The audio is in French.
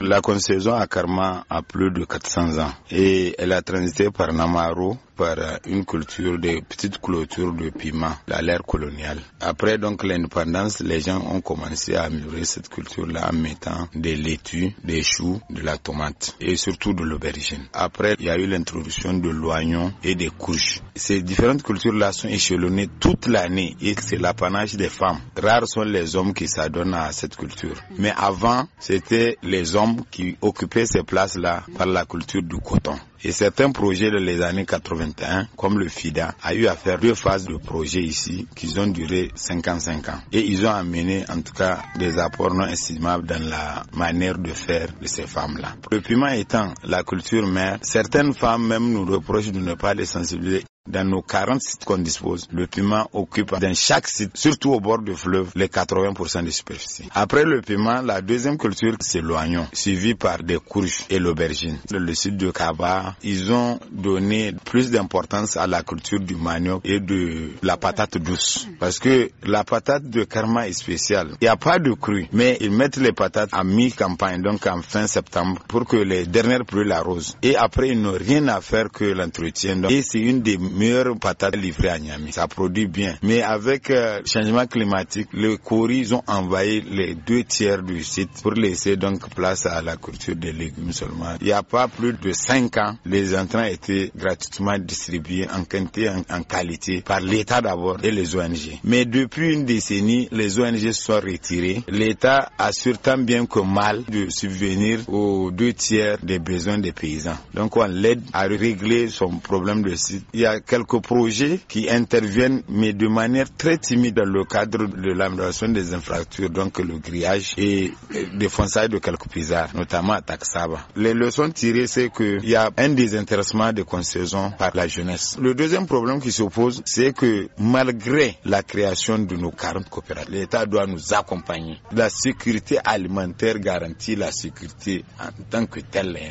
La concession à Karma a plus de 400 ans et elle a transité par Namaro par une culture de petites clôtures de piment à l'ère coloniale. Après donc l'indépendance, les gens ont commencé à améliorer cette culture-là en mettant des laitues, des choux, de la tomate et surtout de l'aubergine. Après, il y a eu l'introduction de l'oignon et des couches. Ces différentes cultures-là sont échelonnées toute l'année et c'est l'apanage des femmes. Rares sont les hommes qui s'adonnent à cette culture. Mais avant, c'était les hommes qui occupaient ces places-là par la culture du coton. Et certains projets de les années 81, comme le FIDA, a eu à faire deux phases de projets ici qui ont duré 55 ans. Et ils ont amené en tout cas des apports non estimables dans la manière de faire de ces femmes-là. Le piment étant la culture mère, certaines femmes même nous reprochent de ne pas les sensibiliser dans nos 40 sites qu'on dispose, le piment occupe dans chaque site, surtout au bord du fleuve, les 80% de superficie. Après le piment, la deuxième culture, c'est l'oignon, suivi par des courges et l'aubergine. le site de Kaba, ils ont donné plus d'importance à la culture du manioc et de la patate douce. Parce que la patate de Karma est spéciale. Il n'y a pas de cru, mais ils mettent les patates à mi-campagne, donc en fin septembre, pour que les dernières pluies l'arrosent. Et après, ils n'ont rien à faire que l'entretien. Et c'est une des meilleure patate livrée à Niamey. Ça produit bien. Mais avec euh, changement climatique, les courries ont envahi les deux tiers du site pour laisser donc place à la culture des légumes seulement. Il n'y a pas plus de cinq ans, les entrants étaient gratuitement distribués en quantité, en, qualité, par l'État d'abord et les ONG. Mais depuis une décennie, les ONG sont retirées. L'État assure tant bien que mal de subvenir aux deux tiers des besoins des paysans. Donc on l'aide à régler son problème de site. Il y a quelques projets qui interviennent, mais de manière très timide dans le cadre de l'amélioration des infrastructures, donc le grillage et des fonçailles de quelques pizards, notamment à Taxaba. Les leçons tirées, c'est qu'il y a un désintéressement des concessions par la jeunesse. Le deuxième problème qui se pose, c'est que malgré la création de nos 40 coopératives, l'État doit nous accompagner. La sécurité alimentaire garantit la sécurité en tant que telle. Hein.